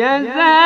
现在。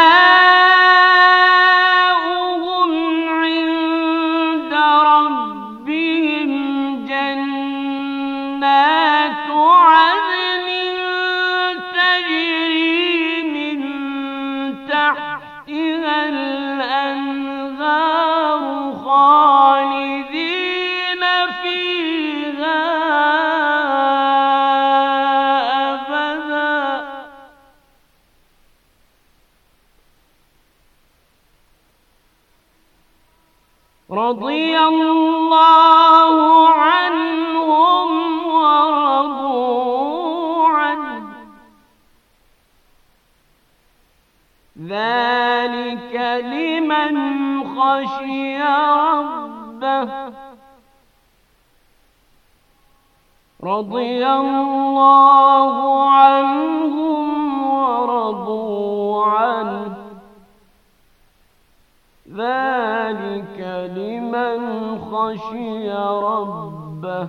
ذلك لمن خشي ربه رضي الله عنهم ورضوا عنه ذلك لمن خشي ربه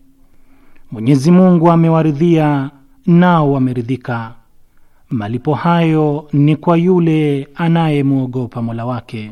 Mwenyezi Mungu amewaridhia nao wameridhika. Malipo hayo ni kwa yule anayemwogopa Mola wake.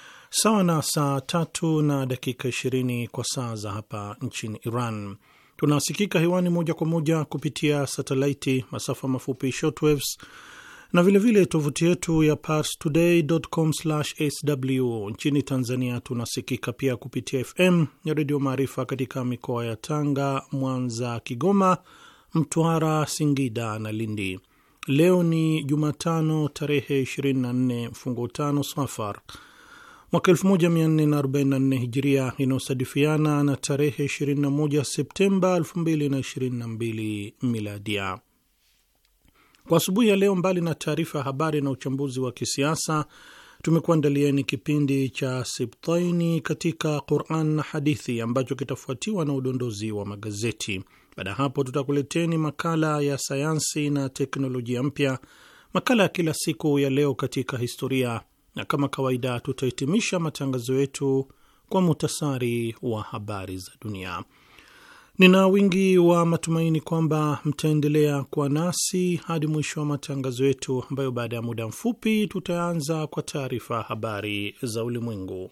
sawa na saa tatu na dakika ishirini kwa saa za hapa nchini Iran. Tunasikika hewani moja kwa moja kupitia satelaiti, masafa mafupi shortwaves na vilevile tovuti yetu ya parstoday.com/sw. Nchini Tanzania tunasikika pia kupitia FM ya Redio Maarifa katika mikoa ya Tanga, Mwanza, Kigoma, Mtwara, Singida na Lindi. Leo ni Jumatano tarehe 24 mfungo tano Safar mwaka 1444 hijiria inayosadifiana na tarehe 21 Septemba 2022 miladia. Kwa asubuhi ya leo, mbali na taarifa ya habari na uchambuzi wa kisiasa, tumekuandalieni kipindi cha Sibtaini katika Quran na Hadithi ambacho kitafuatiwa na udondozi wa magazeti. Baada ya hapo, tutakuleteni makala ya sayansi na teknolojia mpya, makala ya kila siku ya leo katika historia na kama kawaida tutahitimisha matangazo yetu kwa muhtasari wa habari za dunia. Nina wingi wa matumaini kwamba mtaendelea kuwa nasi hadi mwisho wa matangazo yetu, ambayo baada ya muda mfupi tutaanza kwa taarifa habari za ulimwengu.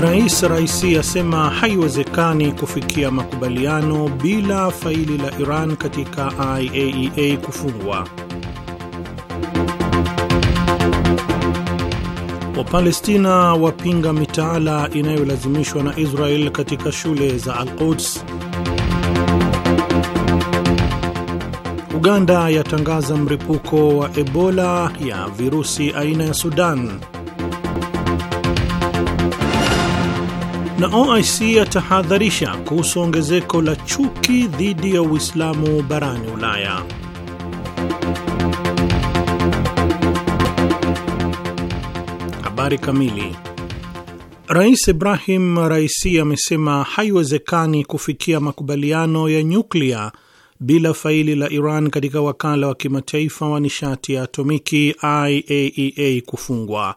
Rais Raisi asema haiwezekani kufikia makubaliano bila faili la Iran katika IAEA e kufungwa. Wapalestina wapinga mitaala inayolazimishwa na Israel katika shule za Al-Quds. Uganda yatangaza mripuko wa Ebola ya virusi aina ya Sudan. na OIC atahadharisha kuhusu ongezeko la chuki dhidi ya Uislamu barani Ulaya. Habari kamili. Rais Ibrahim Raisi amesema haiwezekani kufikia makubaliano ya nyuklia bila faili la Iran katika wakala wa kimataifa wa nishati ya atomiki IAEA e kufungwa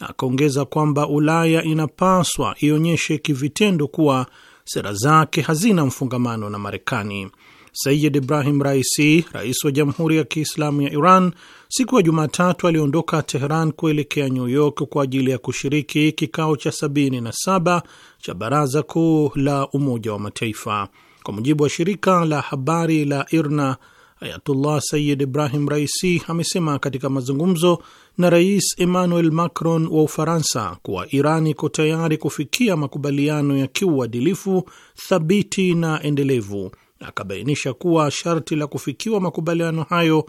na akaongeza kwamba Ulaya inapaswa ionyeshe kivitendo kuwa sera zake hazina mfungamano na Marekani. Sayid Ibrahim Raisi, rais wa Jamhuri ya Kiislamu ya Iran, siku ya Jumatatu aliondoka Teheran kuelekea New York kwa ajili ya kushiriki kikao cha 77 cha Baraza Kuu la Umoja wa Mataifa. Kwa mujibu wa shirika la habari la IRNA, Ayatullah Sayid Ibrahim Raisi amesema katika mazungumzo na Rais Emmanuel Macron wa Ufaransa kuwa Iran iko tayari kufikia makubaliano ya kiuadilifu, thabiti na endelevu, na akabainisha kuwa sharti la kufikiwa makubaliano hayo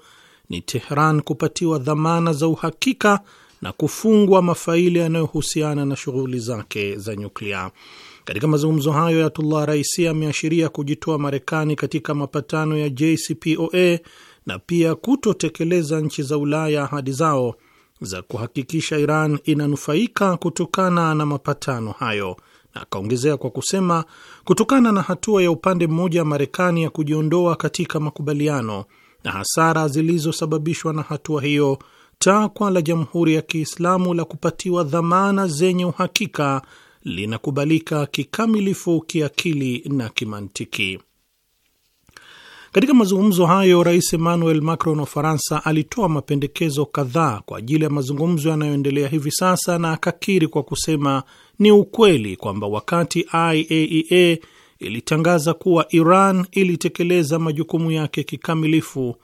ni Tehran kupatiwa dhamana za uhakika na kufungwa mafaili yanayohusiana na shughuli zake za nyuklia. Katika mazungumzo hayo, Ayatullah Raisi ameashiria kujitoa Marekani katika mapatano ya JCPOA na pia kutotekeleza nchi za Ulaya ahadi zao za kuhakikisha Iran inanufaika kutokana na mapatano hayo, na akaongezea kwa kusema, kutokana na hatua ya upande mmoja wa Marekani ya kujiondoa katika makubaliano na hasara zilizosababishwa na hatua hiyo, takwa la Jamhuri ya Kiislamu la kupatiwa dhamana zenye uhakika linakubalika kikamilifu kiakili na kimantiki. Katika mazungumzo hayo, Rais Emmanuel Macron wa faransa alitoa mapendekezo kadhaa kwa ajili ya mazungumzo yanayoendelea hivi sasa na akakiri kwa kusema ni ukweli kwamba wakati IAEA e ilitangaza kuwa Iran ilitekeleza majukumu yake kikamilifu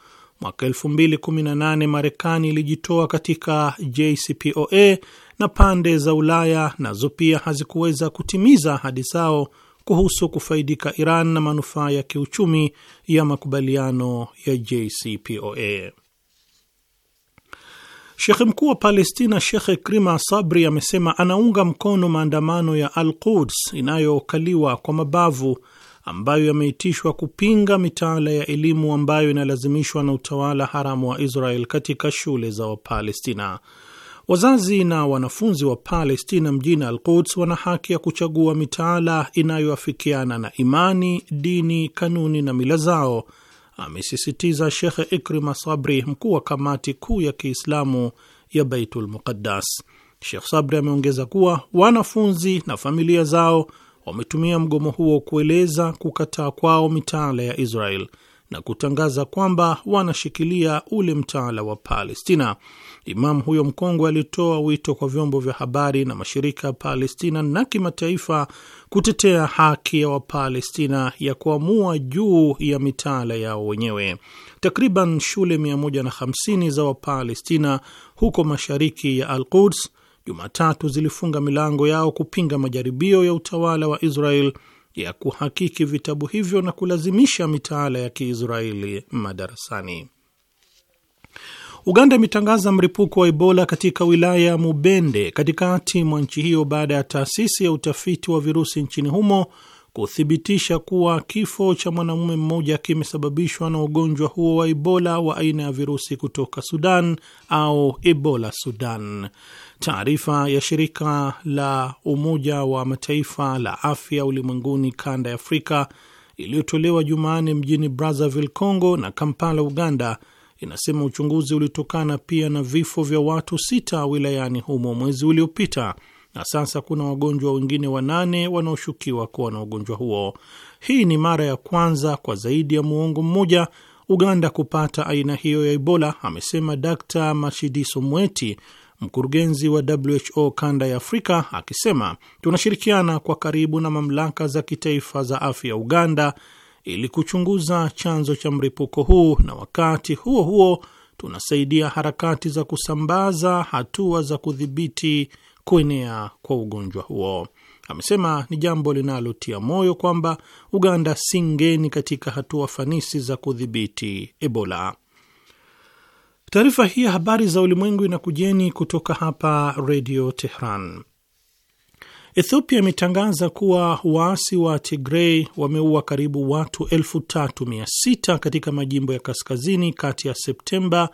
mwaka 2018, Marekani ilijitoa katika JCPOA na pande za Ulaya nazo pia hazikuweza kutimiza ahadi zao kuhusu kufaidika Iran na manufaa ya kiuchumi ya makubaliano ya JCPOA. Shekhe mkuu wa Palestina shekhe Krima Sabri amesema anaunga mkono maandamano ya Al Quds inayokaliwa kwa mabavu ambayo yameitishwa kupinga mitaala ya elimu ambayo inalazimishwa na utawala haramu wa Israel katika shule za Wapalestina. Wazazi na wanafunzi wa Palestina mjini Al-Quds wana haki ya kuchagua mitaala inayoafikiana na imani, dini, kanuni na mila zao, amesisitiza Shekh Ikrima Sabri, mkuu wa kamati kuu ya Kiislamu ya Baitul Muqaddas. Shekh Sabri ameongeza kuwa wanafunzi na familia zao wametumia mgomo huo kueleza kukataa kwao mitaala ya Israel na kutangaza kwamba wanashikilia ule mtaala wa Palestina. Imamu huyo mkongwe alitoa wito kwa vyombo vya habari na mashirika ya Palestina na kimataifa kutetea haki ya Wapalestina ya kuamua juu ya mitaala yao wenyewe. Takriban shule 150 za Wapalestina huko mashariki ya Al Quds Jumatatu zilifunga milango yao kupinga majaribio ya utawala wa Israel ya kuhakiki vitabu hivyo na kulazimisha mitaala ya Kiisraeli madarasani. Uganda imetangaza mripuko wa Ebola katika wilaya ya Mubende katikati mwa nchi hiyo baada ya taasisi ya utafiti wa virusi nchini humo kuthibitisha kuwa kifo cha mwanamume mmoja kimesababishwa na ugonjwa huo wa Ebola wa aina ya virusi kutoka Sudan au Ebola Sudan. Taarifa ya shirika la Umoja wa Mataifa la afya ulimwenguni kanda ya Afrika iliyotolewa Jumanne mjini Brazzaville, Congo na Kampala, Uganda, inasema uchunguzi ulitokana pia na vifo vya watu sita wilayani humo mwezi uliopita na sasa kuna wagonjwa wengine wanane wanaoshukiwa kuwa na ugonjwa huo. Hii ni mara ya kwanza kwa zaidi ya muongo mmoja Uganda kupata aina hiyo ya Ebola, amesema Dkt Mashidiso Mweti, mkurugenzi wa WHO kanda ya Afrika akisema, tunashirikiana kwa karibu na mamlaka za kitaifa za afya ya Uganda ili kuchunguza chanzo cha mlipuko huu, na wakati huo huo tunasaidia harakati za kusambaza hatua za kudhibiti kuenea kwa ugonjwa huo. Amesema ni jambo linalotia moyo kwamba Uganda si ngeni katika hatua fanisi za kudhibiti Ebola. Taarifa hii ya habari za ulimwengu inakujeni kutoka hapa Redio Tehran. Ethiopia imetangaza kuwa waasi wa Tigrei wameua karibu watu elfu tatu mia sita katika majimbo ya kaskazini kati ya Septemba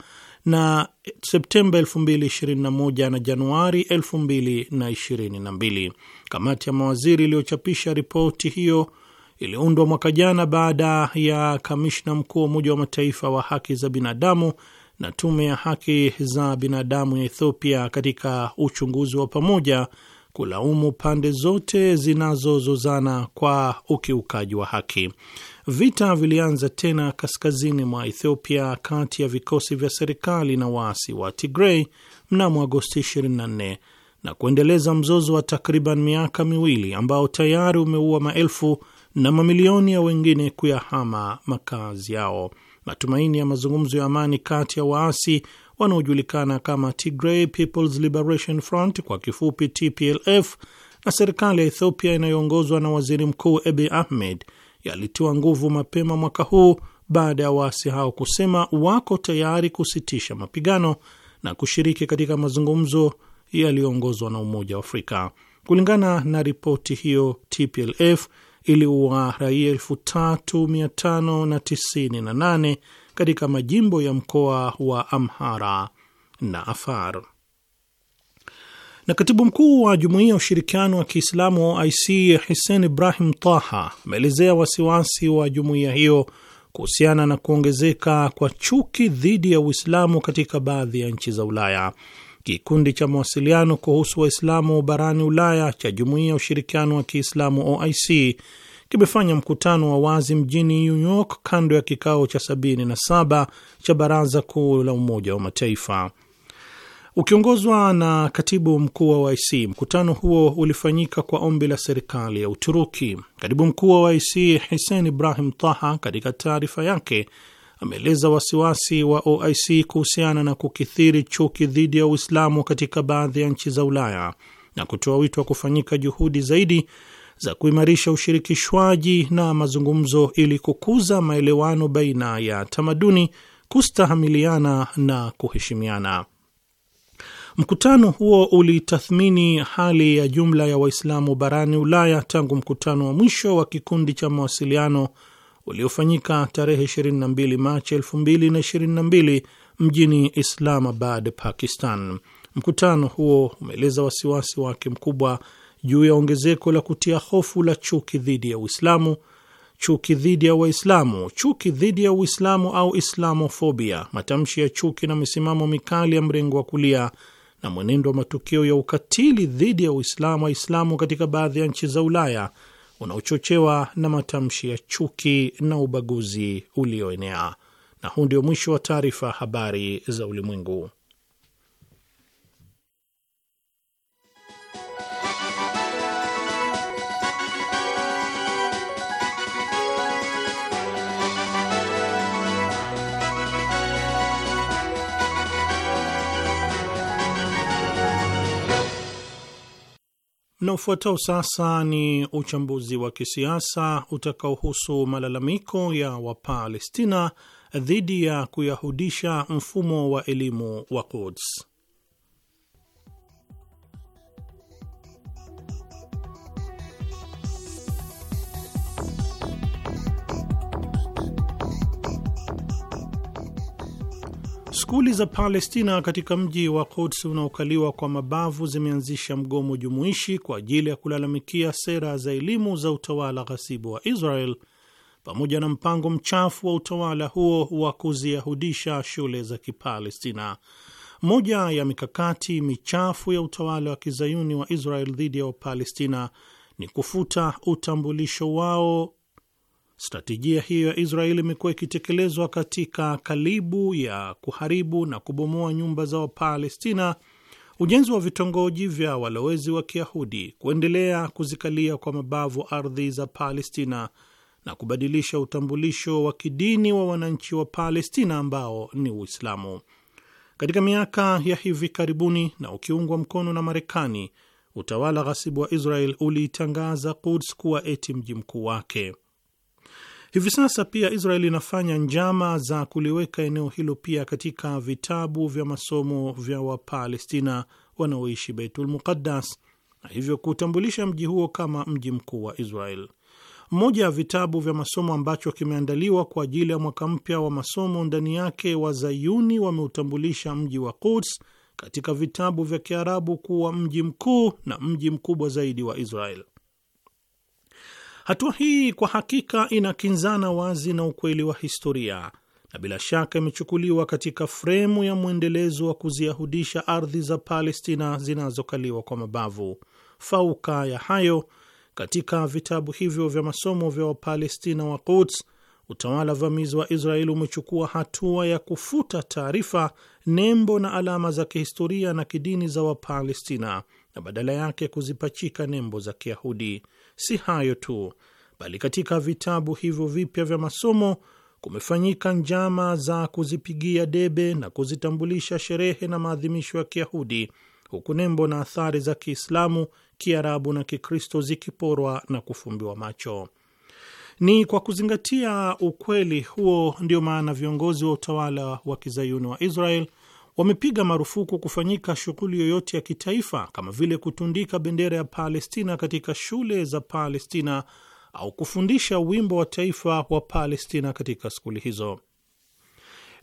na Septemba 2021 na Januari 2022. Kamati ya mawaziri iliyochapisha ripoti hiyo iliundwa mwaka jana baada ya kamishna mkuu wa Umoja wa Mataifa wa haki za binadamu na tume ya haki za binadamu ya Ethiopia katika uchunguzi wa pamoja kulaumu pande zote zinazozozana kwa ukiukaji wa haki. Vita vilianza tena kaskazini mwa Ethiopia kati ya vikosi vya serikali na waasi wa tigrei mnamo Agosti 24 na kuendeleza mzozo wa takriban miaka miwili ambao tayari umeua maelfu na mamilioni ya wengine kuyahama makazi yao matumaini ya mazungumzo ya amani kati ya waasi wanaojulikana kama Tigray People's Liberation Front kwa kifupi TPLF na serikali ya Ethiopia inayoongozwa na Waziri Mkuu Abiy Ahmed yalitiwa nguvu mapema mwaka huu baada ya waasi hao kusema wako tayari kusitisha mapigano na kushiriki katika mazungumzo yaliyoongozwa na Umoja wa Afrika. Kulingana na ripoti hiyo, TPLF iliua raia 3598 katika majimbo ya mkoa wa Amhara na Afar. Na katibu mkuu wa Jumuiya ya Ushirikiano wa Kiislamu OIC Hussein Ibrahim Taha ameelezea wasiwasi wa jumuiya hiyo kuhusiana na kuongezeka kwa chuki dhidi ya Uislamu katika baadhi ya nchi za Ulaya. Kikundi cha mawasiliano kuhusu Waislamu barani Ulaya cha Jumuiya ya Ushirikiano wa Kiislamu OIC kimefanya mkutano wa wazi mjini New York kando ya kikao cha 77 cha Baraza Kuu la Umoja wa Mataifa. Ukiongozwa na katibu mkuu wa OIC, mkutano huo ulifanyika kwa ombi la serikali ya Uturuki. Katibu mkuu wa OIC Hussein Ibrahim Taha, katika taarifa yake ameeleza wasiwasi wa OIC kuhusiana na kukithiri chuki dhidi ya Uislamu katika baadhi ya nchi za Ulaya na kutoa wito wa kufanyika juhudi zaidi za kuimarisha ushirikishwaji na mazungumzo ili kukuza maelewano baina ya tamaduni, kustahamiliana na kuheshimiana. Mkutano huo ulitathmini hali ya jumla ya Waislamu barani Ulaya tangu mkutano wa mwisho wa kikundi cha mawasiliano uliofanyika tarehe 22 Machi 2022 mjini Islamabad, Pakistan. Mkutano huo umeeleza wasiwasi wake mkubwa juu ya ongezeko la kutia hofu la chuki dhidi ya Uislamu, chuki dhidi ya Waislamu, chuki dhidi ya Uislamu au islamofobia, matamshi ya chuki na misimamo mikali ya mrengo wa kulia na mwenendo wa matukio ya ukatili dhidi ya Uislamu, Waislamu katika baadhi ya nchi za Ulaya unaochochewa na matamshi ya chuki na ubaguzi ulioenea. Na huu ndio mwisho wa taarifa habari za ulimwengu. Na ufuatao sasa ni uchambuzi wa kisiasa utakaohusu malalamiko ya Wapalestina dhidi ya kuyahudisha mfumo wa elimu wa Quds. Skuli za Palestina katika mji wa Quds unaokaliwa kwa mabavu zimeanzisha mgomo jumuishi kwa ajili ya kulalamikia sera za elimu za utawala ghasibu wa Israel pamoja na mpango mchafu wa utawala huo wa kuziyahudisha shule za Kipalestina. Moja ya mikakati michafu ya utawala wa kizayuni wa Israel dhidi ya Wapalestina ni kufuta utambulisho wao Strategia hiyo ya Israeli imekuwa ikitekelezwa katika kalibu ya kuharibu na kubomoa nyumba za Wapalestina, ujenzi wa vitongoji vya walowezi wa Kiyahudi, kuendelea kuzikalia kwa mabavu ardhi za Palestina na kubadilisha utambulisho wa kidini wa wananchi wa Palestina ambao ni Uislamu. Katika miaka ya hivi karibuni, na ukiungwa mkono na Marekani, utawala ghasibu wa Israel uliitangaza Quds kuwa eti mji mkuu wake. Hivi sasa pia Israeli inafanya njama za kuliweka eneo hilo pia katika vitabu vya masomo vya Wapalestina wanaoishi Beitul Muqaddas na hivyo kuutambulisha mji huo kama mji mkuu wa Israel. Mmoja ya vitabu vya masomo ambacho kimeandaliwa kwa ajili ya mwaka mpya wa masomo, ndani yake wazayuni wameutambulisha mji wa Quds katika vitabu vya Kiarabu kuwa mji mkuu na mji mkubwa zaidi wa Israel. Hatua hii kwa hakika inakinzana wazi na ukweli wa historia na bila shaka imechukuliwa katika fremu ya mwendelezo wa kuziyahudisha ardhi za Palestina zinazokaliwa kwa mabavu. Fauka ya hayo, katika vitabu hivyo vya masomo vya Wapalestina wa Quds, utawala vamizi wa Israeli umechukua hatua ya kufuta taarifa, nembo na alama za kihistoria na kidini za Wapalestina na badala yake kuzipachika nembo za Kiyahudi. Si hayo tu, bali katika vitabu hivyo vipya vya masomo kumefanyika njama za kuzipigia debe na kuzitambulisha sherehe na maadhimisho ya Kiyahudi, huku nembo na athari za Kiislamu, Kiarabu na Kikristo zikiporwa na kufumbiwa macho. Ni kwa kuzingatia ukweli huo, ndio maana viongozi wa utawala wa kizayuni wa Israel wamepiga marufuku kufanyika shughuli yoyote ya kitaifa kama vile kutundika bendera ya Palestina katika shule za Palestina au kufundisha wimbo wa taifa wa Palestina katika skuli hizo.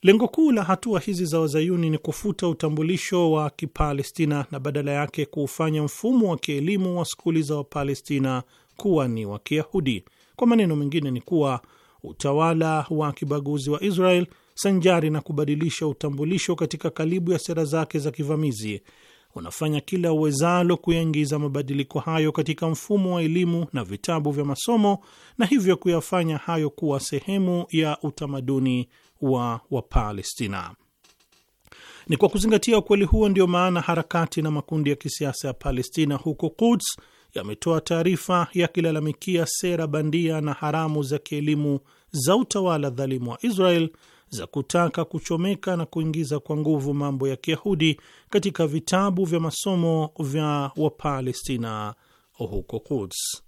Lengo kuu la hatua hizi za wazayuni ni kufuta utambulisho wa Kipalestina na badala yake kuufanya mfumo wa kielimu wa skuli za Wapalestina kuwa ni wa Kiyahudi. Kwa maneno mengine, ni kuwa utawala wa kibaguzi wa Israel sanjari na kubadilisha utambulisho katika kalibu ya sera zake za kivamizi, unafanya kila uwezalo kuyaingiza mabadiliko hayo katika mfumo wa elimu na vitabu vya masomo na hivyo kuyafanya hayo kuwa sehemu ya utamaduni wa Wapalestina. Ni kwa kuzingatia ukweli huo ndio maana harakati na makundi ya kisiasa ya Palestina huko Quds yametoa taarifa yakilalamikia sera bandia na haramu za kielimu za utawala dhalimu wa Israel za kutaka kuchomeka na kuingiza kwa nguvu mambo ya Kiyahudi katika vitabu vya masomo vya Wapalestina huko Quds.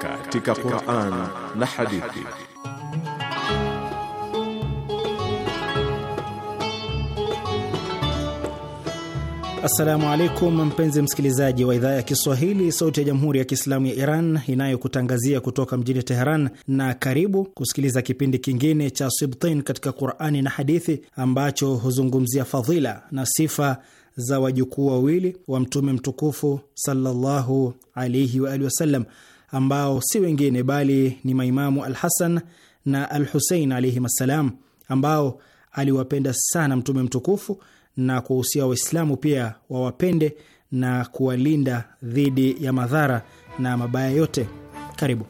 katika Qur'an na hadithi. Assalamu alaikum mpenzi msikilizaji wa idhaa ya Kiswahili sauti ya jamhuri ya kiislamu ya Iran inayokutangazia kutoka mjini Teheran, na karibu kusikiliza kipindi kingine cha Sibtain katika Qurani na hadithi ambacho huzungumzia fadhila na sifa za wajukuu wawili wa mtume mtukufu sallallahu alaihi waalihi wasallam ambao si wengine bali ni maimamu Al Hasan na Al Husein alaihim assalam, ambao aliwapenda sana Mtume mtukufu na kuwahusia Waislamu pia wawapende na kuwalinda dhidi ya madhara na mabaya yote. Karibu.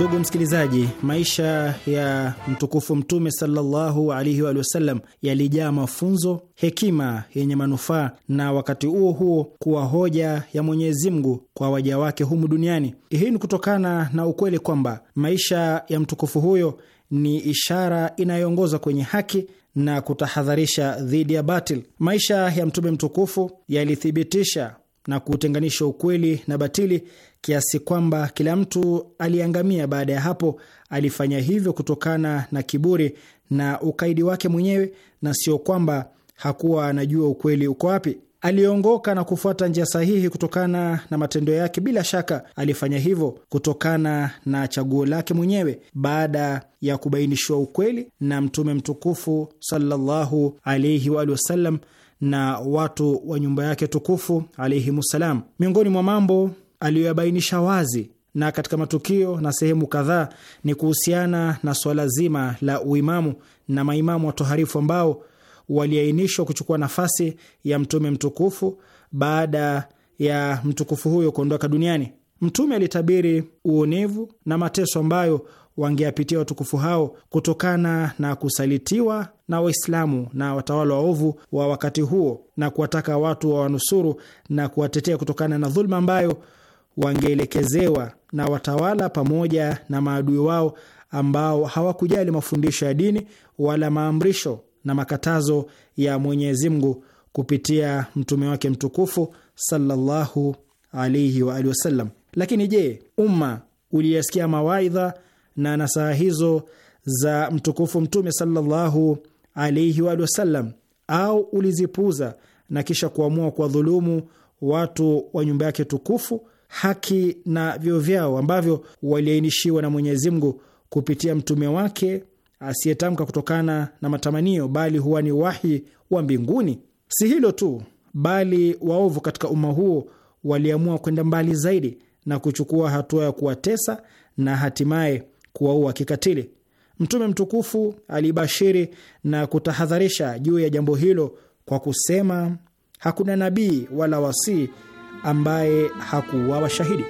Ndugu msikilizaji, maisha ya mtukufu Mtume sallallahu alaihi wa sallam yalijaa mafunzo, hekima yenye manufaa na wakati huo huo kuwa hoja ya Mwenyezi Mungu kwa waja wake humu duniani. Hii ni kutokana na ukweli kwamba maisha ya mtukufu huyo ni ishara inayoongoza kwenye haki na kutahadharisha dhidi ya batil. Maisha ya mtume mtukufu yalithibitisha na kuutenganisha ukweli na batili kiasi kwamba kila mtu aliangamia. Baada ya hapo, alifanya hivyo kutokana na kiburi na ukaidi wake mwenyewe, na sio kwamba hakuwa anajua ukweli uko wapi. Aliongoka na kufuata njia sahihi kutokana na matendo yake. Bila shaka alifanya hivyo kutokana na chaguo lake mwenyewe baada ya kubainishiwa ukweli na Mtume mtukufu sallallahu alaihi waalihi wasallam na watu wa nyumba yake tukufu alaihimussalam. Miongoni mwa mambo aliyoyabainisha wazi na katika matukio na sehemu kadhaa ni kuhusiana na swala zima la uimamu na maimamu watoharifu ambao waliainishwa kuchukua nafasi ya mtume mtukufu baada ya mtukufu huyo kuondoka duniani. Mtume alitabiri uonevu na mateso ambayo wangeapitia watukufu hao kutokana na kusalitiwa na Waislamu na watawala waovu wa wakati huo na kuwataka watu wa wanusuru na kuwatetea kutokana na dhuluma ambayo wangeelekezewa na watawala pamoja na maadui wao ambao hawakujali mafundisho ya dini wala maamrisho na makatazo ya Mwenyezi Mungu kupitia mtume wake mtukufu sallallahu alaihi wa alihi wasallam. Lakini je, umma uliyasikia mawaidha na nasaha hizo za mtukufu Mtume sallallahu alaihi wa sallam, au ulizipuuza na kisha kuamua kuwadhulumu watu wa nyumba yake tukufu, haki na vyo vyao ambavyo waliainishiwa na Mwenyezi Mungu kupitia mtume wake asiyetamka kutokana na matamanio, bali huwa ni wahi wa mbinguni. Si hilo tu, bali waovu katika umma huo waliamua kwenda mbali zaidi na kuchukua hatua ya kuwatesa na hatimaye kuwaua kikatili. Mtume mtukufu alibashiri na kutahadharisha juu ya jambo hilo kwa kusema, hakuna nabii wala wasii ambaye hakuuawa shahidi.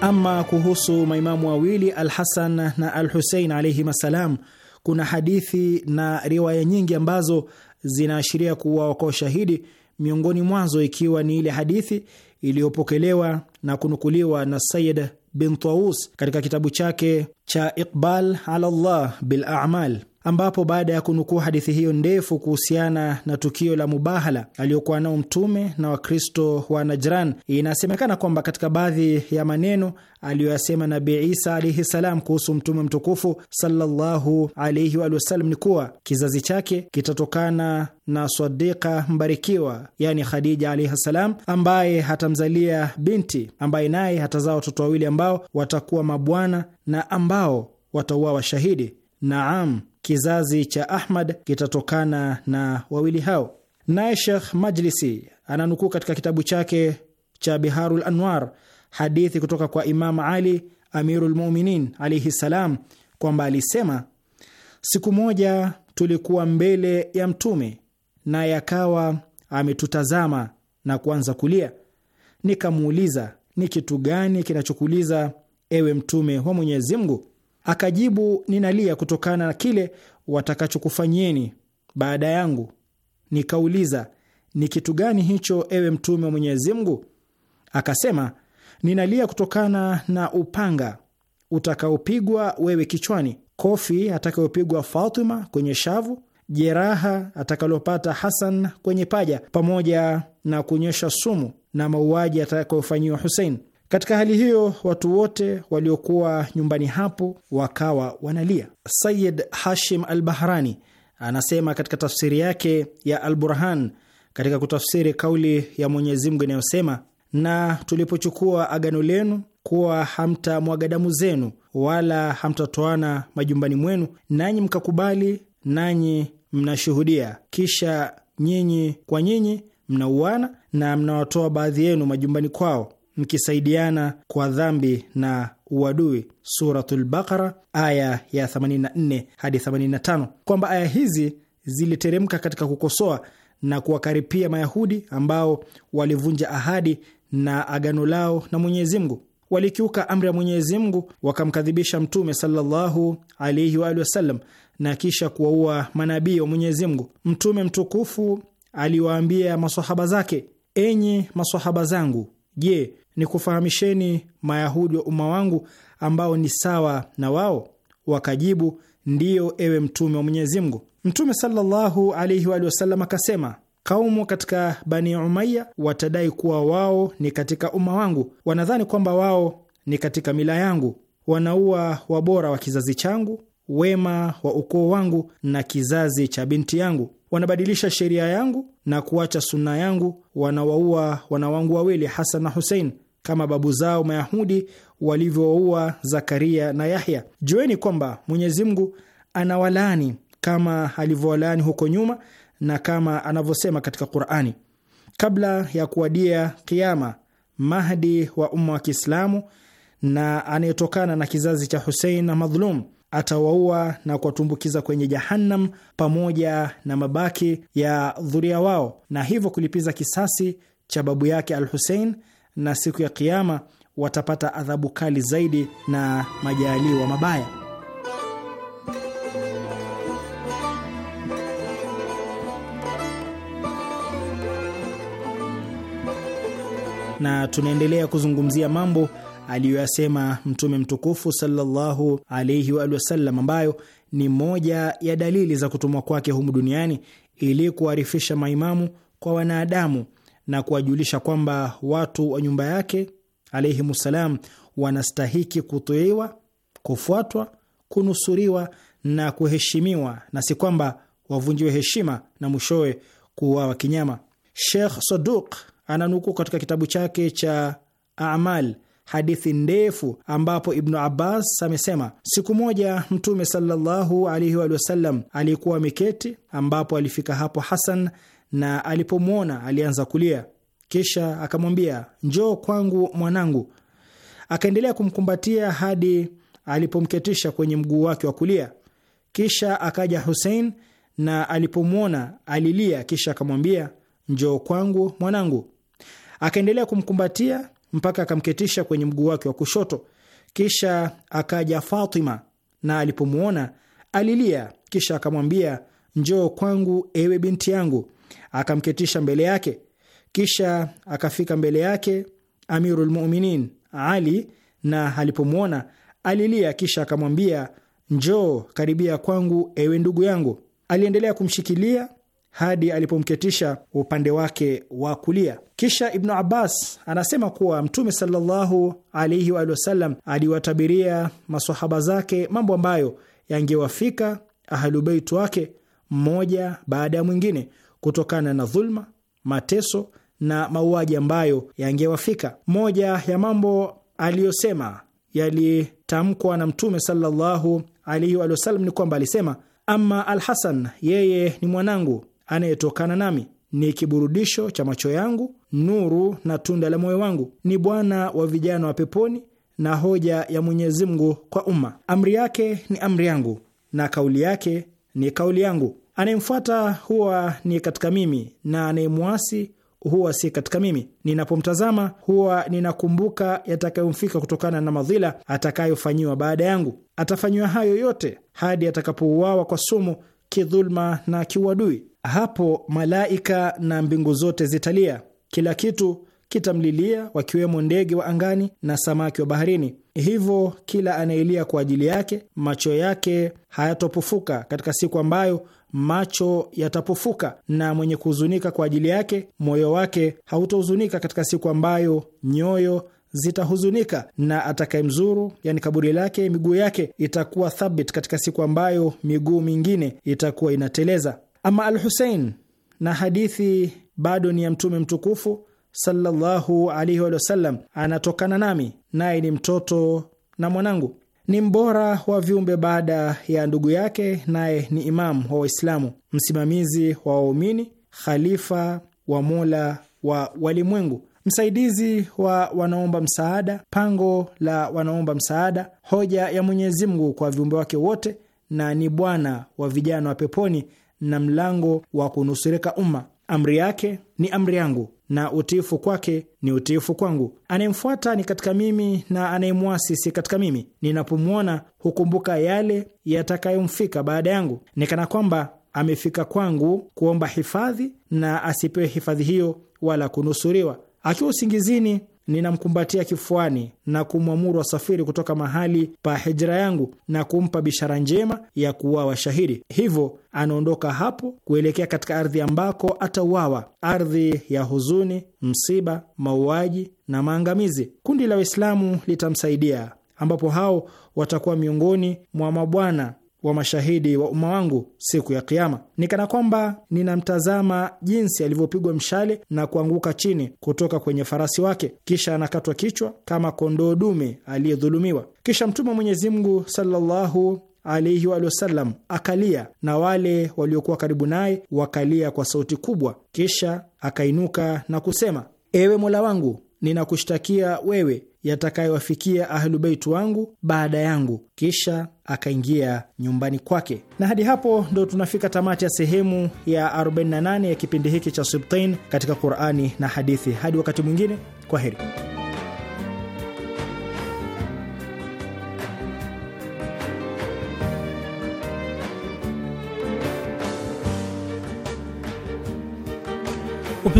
Ama kuhusu maimamu wawili alhasan na alhusein Husein alaihim assalam kuna hadithi na riwaya nyingi ambazo zinaashiria kuuawa kwa shahidi, miongoni mwazo ikiwa ni ile hadithi iliyopokelewa na kunukuliwa na Sayid bin Tawus katika kitabu chake cha Iqbal ala Allah bil A'mal ambapo baada ya kunukuu hadithi hiyo ndefu kuhusiana na tukio la mubahala aliyokuwa nao Mtume na Wakristo wa Najran, inasemekana kwamba katika baadhi ya maneno aliyoyasema Nabi Isa alaihi salam kuhusu Mtume mtukufu sallallahu alaihi wa sallam ni kuwa kizazi chake kitatokana na swadika mbarikiwa, yani Khadija alaihi salam, ambaye hatamzalia binti, ambaye naye hatazaa watoto wawili ambao watakuwa mabwana na ambao watauawa shahidi. Naam, kizazi cha Ahmad kitatokana na wawili hao. Naye Shekh Majlisi ananukuu katika kitabu chake cha Biharul Anwar hadithi kutoka kwa Imam Ali Amirul Muminin alaihi ssalam, kwamba alisema siku moja tulikuwa mbele ya Mtume naye akawa ametutazama na kuanza kulia. Nikamuuliza, ni kitu gani kinachokuliza ewe Mtume wa Mwenyezi Mungu? Akajibu, ninalia kutokana na kile watakachokufanyieni baada yangu. Nikauliza, ni kitu gani hicho, ewe Mtume wa Mwenyezi Mungu? Akasema, ninalia kutokana na upanga utakaopigwa wewe kichwani, kofi atakayopigwa Fatima kwenye shavu, jeraha atakalopata Hasan kwenye paja, pamoja na kunyesha sumu na mauaji atakayofanyiwa Husein. Katika hali hiyo watu wote waliokuwa nyumbani hapo wakawa wanalia. Sayid Hashim al Bahrani anasema katika tafsiri yake ya Al Burhan katika kutafsiri kauli ya Mwenyezi Mungu inayosema, na tulipochukua agano lenu kuwa hamtamwaga damu zenu wala hamtatoana majumbani mwenu, nanyi mkakubali, nanyi mnashuhudia, kisha nyinyi kwa nyinyi mnauana na mnawatoa baadhi yenu majumbani kwao mkisaidiana kwa dhambi na uadui, Suratul Baqara aya ya 84 hadi 85, kwamba aya hizi ziliteremka katika kukosoa na kuwakaripia Mayahudi ambao walivunja ahadi na agano lao na Mwenyezi Mungu. Walikiuka amri ya Mwenyezi Mungu, wakamkadhibisha Mtume sallallahu alaihi wa alihi wasallam, na kisha kuwaua manabii wa Mwenyezi Mungu. Mtume mtukufu aliwaambia masahaba zake, enyi masahaba zangu, je, ni kufahamisheni Mayahudi wa umma wangu ambao ni sawa na wao? Wakajibu, ndiyo, ewe Mtume wa Mwenyezi Mungu. Mtume sallallahu alaihi wa sallam akasema Kaumu katika Bani Umaya watadai kuwa wao ni katika umma wangu, wanadhani kwamba wao ni katika mila yangu, wanaua wabora wa kizazi changu, wema wa ukoo wangu na kizazi cha binti yangu, wanabadilisha sheria yangu na kuacha suna yangu, wanawaua wana wangu wawili Hasan na Husein kama babu zao Mayahudi walivyowaua Zakaria na Yahya. Jueni kwamba Mwenyezi Mungu anawalaani kama alivyowalaani huko nyuma na kama anavyosema katika Qur'ani. Kabla ya kuwadia kiama, Mahdi wa umma wa Kiislamu na anayetokana na kizazi cha husein na madhulum atawaua na kuwatumbukiza kwenye Jahannam pamoja na mabaki ya dhuria wao, na hivyo kulipiza kisasi cha babu yake al husein na siku ya Kiama watapata adhabu kali zaidi na majaaliwa mabaya. Na tunaendelea kuzungumzia mambo aliyoyasema Mtume mtukufu sallallahu alaihi wa wasallam, ambayo ni moja ya dalili za kutumwa kwake humu duniani ili kuwarifisha maimamu kwa wanadamu na kuwajulisha kwamba watu wa nyumba yake alaihimussalam wanastahiki kutoiwa, kufuatwa, kunusuriwa na kuheshimiwa, na si kwamba wavunjiwe heshima na mwishowe kuuawa kinyama. Sheikh Saduq ananukuu katika kitabu chake cha Amal hadithi ndefu ambapo Ibnu Abbas amesema siku moja Mtume sallallahu alaihi wasallam alikuwa ameketi, ambapo alifika hapo Hasan na alipomwona alianza kulia, kisha akamwambia njoo kwangu mwanangu. Akaendelea kumkumbatia hadi alipomketisha kwenye mguu wake wa kulia. Kisha akaja Husein na alipomwona alilia, kisha akamwambia njoo kwangu mwanangu. Akaendelea kumkumbatia mpaka akamketisha kwenye mguu wake wa kushoto. Kisha akaja Fatima na alipomwona alilia, kisha akamwambia njoo kwangu ewe binti yangu akamketisha mbele yake. Kisha akafika mbele yake Amirul Mu'minin Ali, na alipomwona alilia, kisha akamwambia, njoo karibia kwangu, ewe ndugu yangu. Aliendelea kumshikilia hadi alipomketisha upande wake wa kulia. Kisha Ibnu Abbas anasema kuwa Mtume sallallahu alaihi wa sallam aliwatabiria masahaba zake mambo ambayo yangewafika ahlubeit wake mmoja baada ya mwingine kutokana na dhuluma, mateso na mauaji ambayo yangewafika. Moja ya mambo aliyosema yalitamkwa na Mtume sallallahu alaihi wa sallam ni kwamba alisema, ama Alhasan, yeye ni mwanangu anayetokana nami, ni kiburudisho cha macho yangu, nuru na tunda la moyo wangu, ni bwana wa vijana wa peponi na hoja ya Mwenyezi Mungu kwa umma. Amri yake ni amri yangu na kauli yake ni kauli yangu. Anayemfuata huwa ni katika mimi na anayemwasi huwa si katika mimi. Ninapomtazama huwa ninakumbuka yatakayomfika kutokana na madhila atakayofanyiwa baada yangu. Atafanyiwa hayo yote hadi atakapouawa kwa sumu, kidhuluma na kiuadui. Hapo malaika na mbingu zote zitalia, kila kitu kitamlilia, wakiwemo ndege wa angani na samaki wa baharini. Hivyo kila anayelia kwa ajili yake, macho yake hayatopofuka katika siku ambayo macho yatapofuka, na mwenye kuhuzunika kwa ajili yake, moyo wake hautohuzunika katika siku ambayo nyoyo zitahuzunika na atakayemzuru, yani kaburi lake, miguu yake itakuwa thabit katika siku ambayo miguu mingine itakuwa inateleza. Ama Al Husein na hadithi bado ni ya Mtume mtukufu sallallahu alaihi anatokana nami, naye ni mtoto na mwanangu. Ni mbora wa viumbe baada ya ndugu yake, naye ni imamu wa Waislamu, msimamizi wa waumini, khalifa wa mola wa walimwengu, msaidizi wa wanaomba msaada, pango la wanaomba msaada, hoja ya Mwenyezi Mungu kwa viumbe wake wote, na ni bwana wa vijana wa peponi na mlango wa kunusurika umma. Amri yake ni amri yangu na utiifu kwake ni utiifu kwangu. Anayemfuata ni katika mimi na anayemwasi si katika mimi. Ninapomwona hukumbuka yale yatakayomfika baada yangu. Ni kana kwamba amefika kwangu kuomba hifadhi na asipewe hifadhi hiyo wala kunusuriwa. Akiwa usingizini ninamkumbatia kifuani na kumwamuru wasafiri kutoka mahali pa hijra yangu na kumpa bishara njema ya kuuawa shahidi. Hivyo anaondoka hapo kuelekea katika ardhi ambako atauawa, ardhi ya huzuni, msiba, mauaji na maangamizi. Kundi la Waislamu litamsaidia, ambapo hao watakuwa miongoni mwa mabwana wa mashahidi wa umma wangu siku ya Kiama. Nikana kwamba ninamtazama jinsi alivyopigwa mshale na kuanguka chini kutoka kwenye farasi wake, kisha anakatwa kichwa kama kondoo dume aliyedhulumiwa. Kisha Mtume wa Mwenyezi Mungu sallallahu alaihi wa sallam akalia na wale waliokuwa karibu naye wakalia kwa sauti kubwa. Kisha akainuka na kusema, ewe mola wangu, ninakushtakia wewe yatakayowafikia ahlubeit wangu baada yangu, kisha akaingia nyumbani kwake. Na hadi hapo ndo tunafika tamati ya sehemu ya 48 ya kipindi hiki cha Sibtain katika Qurani na Hadithi. Hadi wakati mwingine, kwa heri.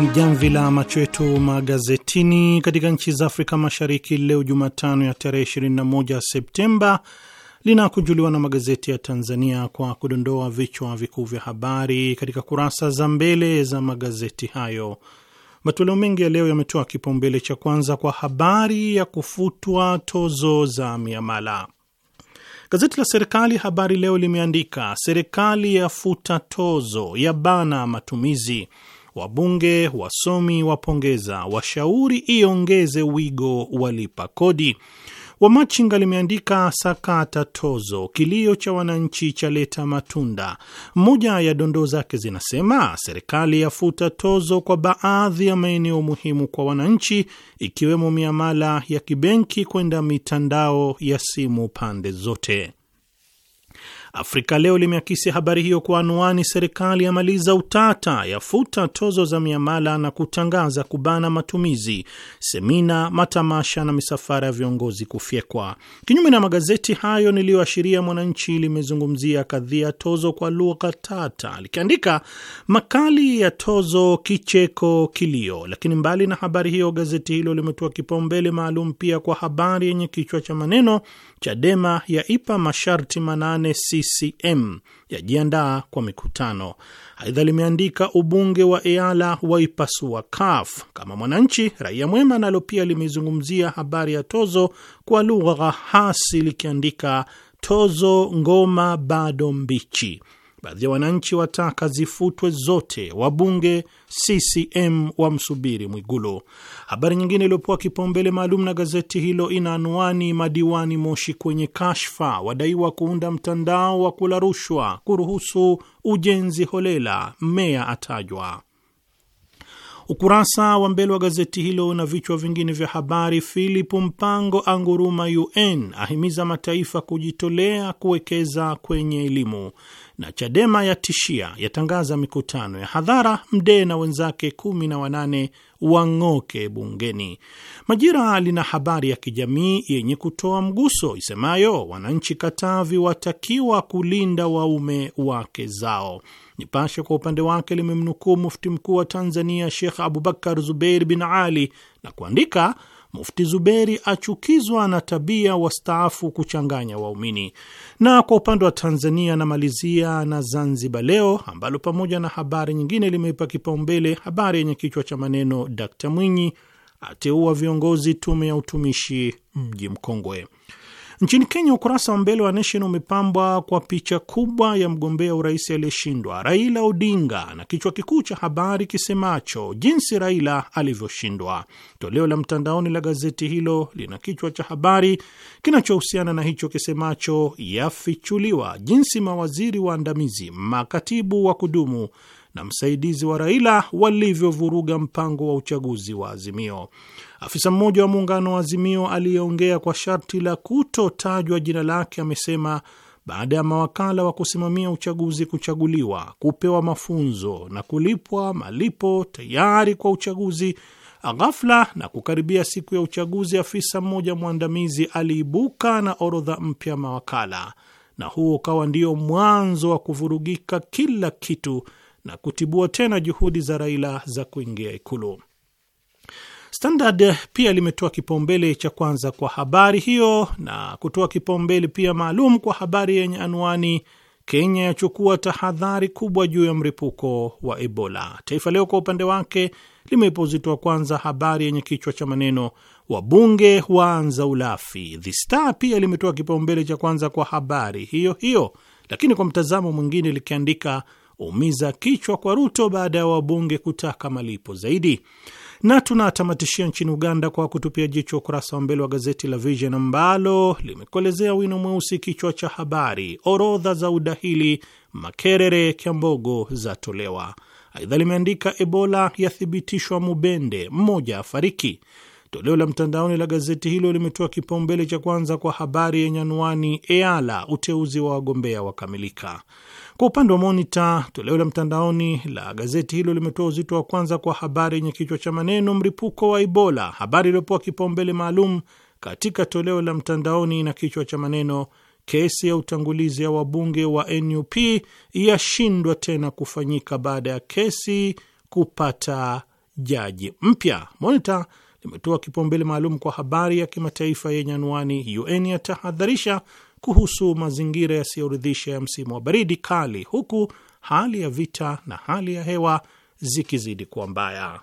ni jamvi la macho yetu magazetini katika nchi za Afrika Mashariki leo Jumatano ya tarehe 21 Septemba linakujuliwa na magazeti ya Tanzania kwa kudondoa vichwa vikuu vya habari katika kurasa za mbele za magazeti hayo. Matoleo mengi ya leo yametoa kipaumbele cha kwanza kwa habari ya kufutwa tozo za miamala. Gazeti la serikali Habari Leo limeandika serikali yafuta tozo ya bana matumizi Wabunge, wasomi wapongeza, washauri iongeze wigo walipa kodi. Wamachinga limeandika sakata tozo, kilio cha wananchi chaleta matunda. Moja ya dondoo zake zinasema serikali yafuta tozo kwa baadhi ya maeneo muhimu kwa wananchi, ikiwemo miamala ya kibenki kwenda mitandao ya simu pande zote. Afrika Leo limeakisi habari hiyo kwa anwani, serikali yamaliza utata, yafuta tozo za miamala na kutangaza kubana matumizi, semina, matamasha na misafara ya viongozi kufyekwa. Kinyume na magazeti hayo niliyoashiria, Mwananchi limezungumzia kadhia tozo kwa lugha tata, likiandika makali ya tozo, kicheko, kilio. Lakini mbali na habari hiyo, gazeti hilo limetoa kipaumbele maalum pia kwa habari yenye kichwa cha maneno, Chadema yaipa masharti manane si CCM yajiandaa kwa mikutano. Aidha limeandika ubunge wa EALA waipasua CAF. Kama Mwananchi, Raia Mwema nalo pia limezungumzia habari ya tozo kwa lugha hasi likiandika tozo ngoma bado mbichi. Baadhi ya wananchi wataka zifutwe zote. Wabunge CCM wamsubiri Mwigulu. Habari nyingine iliyopewa kipaumbele maalum na gazeti hilo ina anwani madiwani Moshi kwenye kashfa, wadaiwa kuunda mtandao wa kula rushwa, kuruhusu ujenzi holela, meya atajwa. Ukurasa wa mbele wa gazeti hilo na vichwa vingine vya habari: Philip Mpango anguruma UN, ahimiza mataifa kujitolea kuwekeza kwenye elimu na Chadema yatishia, yatangaza mikutano ya hadhara. Mdee na wenzake kumi na wanane wang'oke bungeni. Majira lina habari ya kijamii yenye kutoa mguso isemayo, wananchi Katavi watakiwa kulinda waume wake zao. Nipashe kwa upande wake limemnukuu mufti mkuu wa Tanzania Shekh Abubakar Zubeir bin Ali na kuandika Mufti Zuberi achukizwa na tabia wastaafu kuchanganya waumini. Na kwa upande wa Tanzania namalizia na Zanzibar Leo, ambalo pamoja na habari nyingine limeipa kipaumbele habari yenye kichwa cha maneno Dkt Mwinyi ateua viongozi tume ya utumishi mji mkongwe. Nchini Kenya, ukurasa wa mbele wa Nation umepambwa kwa picha kubwa ya mgombea urais aliyeshindwa Raila Odinga na kichwa kikuu cha habari kisemacho jinsi Raila alivyoshindwa. Toleo la mtandaoni la gazeti hilo lina kichwa cha habari kinachohusiana na hicho kisemacho, yafichuliwa jinsi mawaziri waandamizi, makatibu wa kudumu na msaidizi wa Raila walivyovuruga mpango wa uchaguzi wa Azimio. Afisa mmoja wa muungano wa Azimio aliyeongea kwa sharti la kutotajwa jina lake amesema baada ya mawakala wa kusimamia uchaguzi kuchaguliwa, kupewa mafunzo na kulipwa malipo tayari kwa uchaguzi, ghafla na kukaribia siku ya uchaguzi, afisa mmoja mwandamizi aliibuka na orodha mpya mawakala, na huo ukawa ndio mwanzo wa kuvurugika kila kitu na kutibua tena juhudi za Raila za kuingia Ikulu. Standard pia limetoa kipaumbele cha kwanza kwa habari hiyo na kutoa kipaumbele pia maalum kwa habari yenye anwani Kenya yachukua tahadhari kubwa juu ya mripuko wa Ebola. Taifa Leo kwa upande wake limeipa uzito wa kwanza habari yenye kichwa cha maneno wabunge waanza ulafi. The Star pia limetoa kipaumbele cha kwanza kwa habari hiyo hiyo, lakini kwa mtazamo mwingine likiandika umiza kichwa kwa Ruto baada ya wabunge kutaka malipo zaidi. Na tunatamatishia nchini Uganda kwa kutupia jicho ukurasa wa mbele wa gazeti la Vision ambalo limekolezea wino mweusi kichwa cha habari, orodha za udahili Makerere Kyambogo zatolewa. Aidha limeandika Ebola yathibitishwa Mubende, mmoja afariki. Toleo la mtandaoni la gazeti hilo limetoa kipaumbele cha kwanza kwa habari yenye anwani Eala, uteuzi wa wagombea wakamilika. Kwa upande wa Monita, toleo la mtandaoni la gazeti hilo limetoa uzito wa kwanza kwa habari yenye kichwa cha maneno mlipuko wa Ebola, habari iliyopewa kipaumbele maalum katika toleo la mtandaoni na kichwa cha maneno kesi ya utangulizi ya wabunge wa NUP yashindwa tena kufanyika baada ya kesi kupata jaji mpya. Monita limetoa kipaumbele maalum kwa habari ya kimataifa yenye anwani UN yatahadharisha kuhusu mazingira yasiyoridhisha ya msimu wa baridi kali, huku hali ya vita na hali ya hewa zikizidi kuwa mbaya.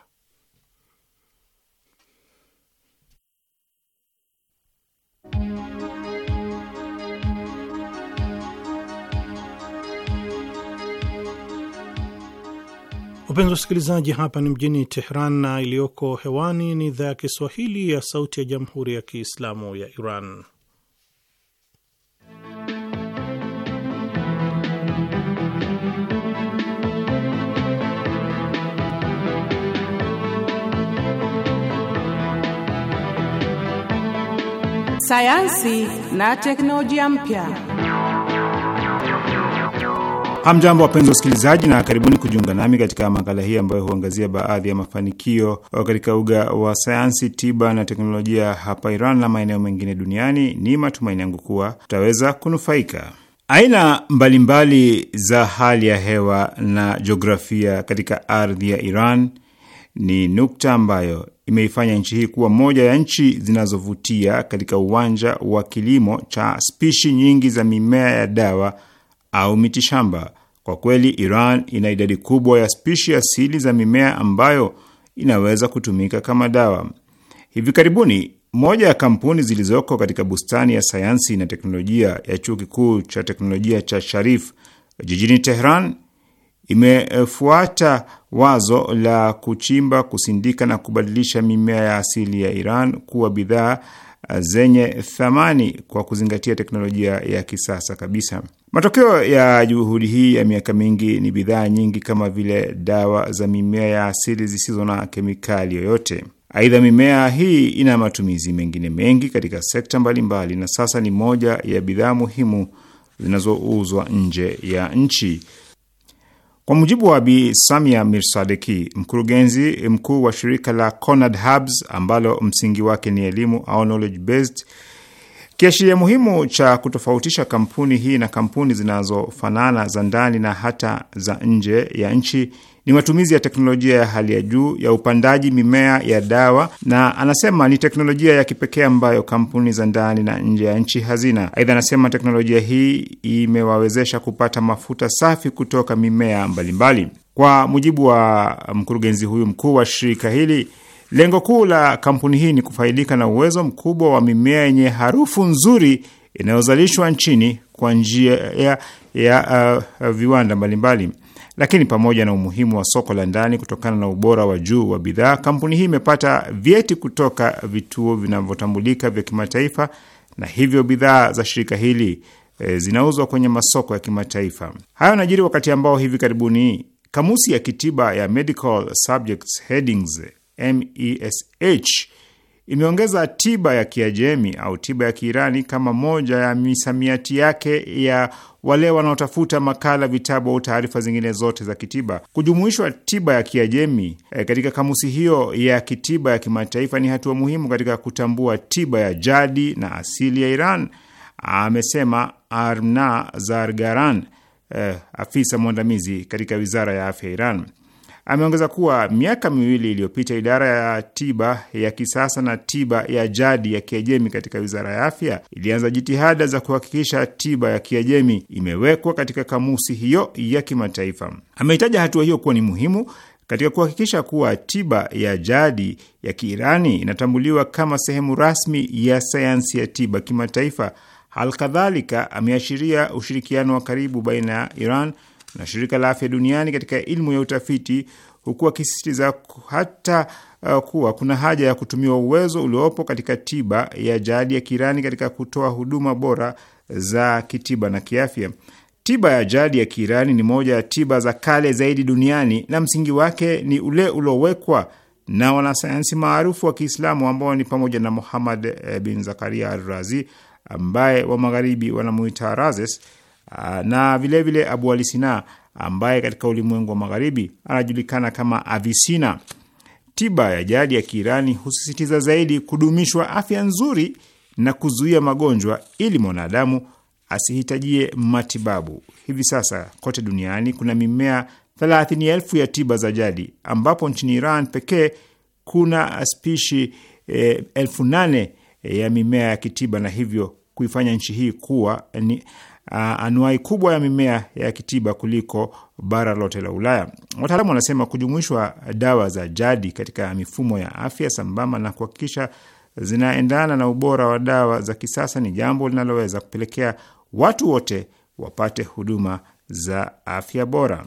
Wapenzi wasikilizaji, hapa ni mjini Tehran na iliyoko hewani ni idhaa ya Kiswahili ya Sauti ya Jamhuri ya Kiislamu ya Iran. sayansi na teknolojia mpya. Hamjambo, wapenzi wasikilizaji, na karibuni kujiunga nami katika makala hii ambayo huangazia baadhi ya mafanikio katika uga wa sayansi, tiba na teknolojia hapa Iran na maeneo mengine duniani. Ni matumaini yangu kuwa tutaweza kunufaika. Aina mbalimbali za hali ya hewa na jiografia katika ardhi ya Iran ni nukta ambayo imeifanya nchi hii kuwa moja ya nchi zinazovutia katika uwanja wa kilimo cha spishi nyingi za mimea ya dawa au mitishamba. Kwa kweli, Iran ina idadi kubwa ya spishi asili za mimea ambayo inaweza kutumika kama dawa. Hivi karibuni moja ya kampuni zilizoko katika bustani ya sayansi na teknolojia ya chuo kikuu cha teknolojia cha Sharif jijini Tehran imefuata wazo la kuchimba, kusindika na kubadilisha mimea ya asili ya Iran kuwa bidhaa zenye thamani kwa kuzingatia teknolojia ya kisasa kabisa. Matokeo ya juhudi hii ya miaka mingi ni bidhaa nyingi kama vile dawa za mimea ya asili zisizo na kemikali yoyote. Aidha, mimea hii ina matumizi mengine mengi katika sekta mbalimbali mbali, na sasa ni moja ya bidhaa muhimu zinazouzwa nje ya nchi. Kwa mujibu wa Bi Samia Mirsadeki, mkurugenzi mkuu wa shirika la Conard Hubs ambalo msingi wake ni elimu au knowledge based, kiashiria muhimu cha kutofautisha kampuni hii na kampuni zinazofanana za ndani na hata za nje ya nchi ni matumizi ya teknolojia ya hali ya juu ya upandaji mimea ya dawa, na anasema ni teknolojia ya kipekee ambayo kampuni za ndani na nje ya nchi hazina. Aidha, anasema teknolojia hii imewawezesha kupata mafuta safi kutoka mimea mbalimbali. Kwa mujibu wa mkurugenzi huyu mkuu wa shirika hili, lengo kuu la kampuni hii ni kufaidika na uwezo mkubwa wa mimea yenye harufu nzuri inayozalishwa nchini kwa njia ya, ya uh, viwanda mbalimbali mbali. Lakini pamoja na umuhimu wa soko la ndani kutokana na ubora wa juu wa bidhaa, kampuni hii imepata vyeti kutoka vituo vinavyotambulika vya kimataifa, na hivyo bidhaa za shirika hili e, zinauzwa kwenye masoko ya kimataifa. Hayo najiri wakati ambao hivi karibuni kamusi ya kitiba ya Medical Subjects Headings, MESH imeongeza tiba ya Kiajemi au tiba ya Kiirani kama moja ya misamiati yake ya wale wanaotafuta makala, vitabu au taarifa zingine zote za kitiba. Kujumuishwa tiba ya Kiajemi e, katika kamusi hiyo ya kitiba ya kimataifa ni hatua muhimu katika kutambua tiba ya jadi na asili ya Iran, amesema Arna Zargaran, e, afisa mwandamizi katika wizara ya afya ya Iran. Ameongeza kuwa miaka miwili iliyopita idara ya tiba ya kisasa na tiba ya jadi ya Kiajemi katika wizara ya afya ilianza jitihada za kuhakikisha tiba ya Kiajemi imewekwa katika kamusi hiyo ya kimataifa. Ameitaja hatua hiyo kuwa ni muhimu katika kuhakikisha kuwa tiba ya jadi ya Kiirani inatambuliwa kama sehemu rasmi ya sayansi ya tiba kimataifa. Alkadhalika, ameashiria ushirikiano wa karibu baina ya Iran na shirika la afya duniani katika ilmu ya utafiti, huku akisisitiza hata uh, kuwa kuna haja ya kutumia uwezo uliopo katika tiba ya jadi ya Kiirani katika kutoa huduma bora za kitiba na kiafya. Tiba ya jadi ya Kiirani ni moja ya tiba za kale zaidi duniani na msingi wake ni ule uliowekwa na wanasayansi maarufu wa Kiislamu ambao ni pamoja na Muhammad eh, bin Zakaria Arrazi ambaye wa magharibi wanamuita razes Ah, na vilevile vile Abu Alisina ambaye katika ulimwengu wa magharibi anajulikana kama Avisina. Tiba ya jadi ya Kiirani husisitiza zaidi kudumishwa afya nzuri na kuzuia magonjwa ili mwanadamu asihitajie matibabu. Hivi sasa kote duniani kuna mimea thelathini elfu ya tiba za jadi ambapo nchini Iran pekee kuna spishi eh, elfu nane ya mimea ya kitiba na hivyo kuifanya nchi hii kuwa ni anuai kubwa ya mimea ya kitiba kuliko bara lote la Ulaya. Wataalamu wanasema kujumuishwa dawa za jadi katika mifumo ya afya sambamba na kuhakikisha zinaendana na ubora wa dawa za kisasa ni jambo linaloweza kupelekea watu wote wapate huduma za afya bora.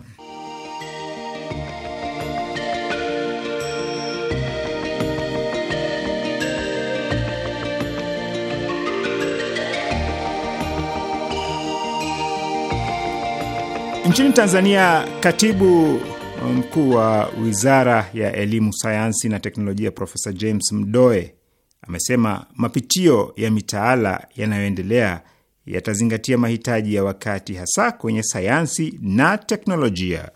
Nchini Tanzania, katibu mkuu wa wizara ya elimu, sayansi na teknolojia Profesa James Mdoe amesema mapitio ya mitaala yanayoendelea yatazingatia mahitaji ya wakati, hasa kwenye sayansi na teknolojia.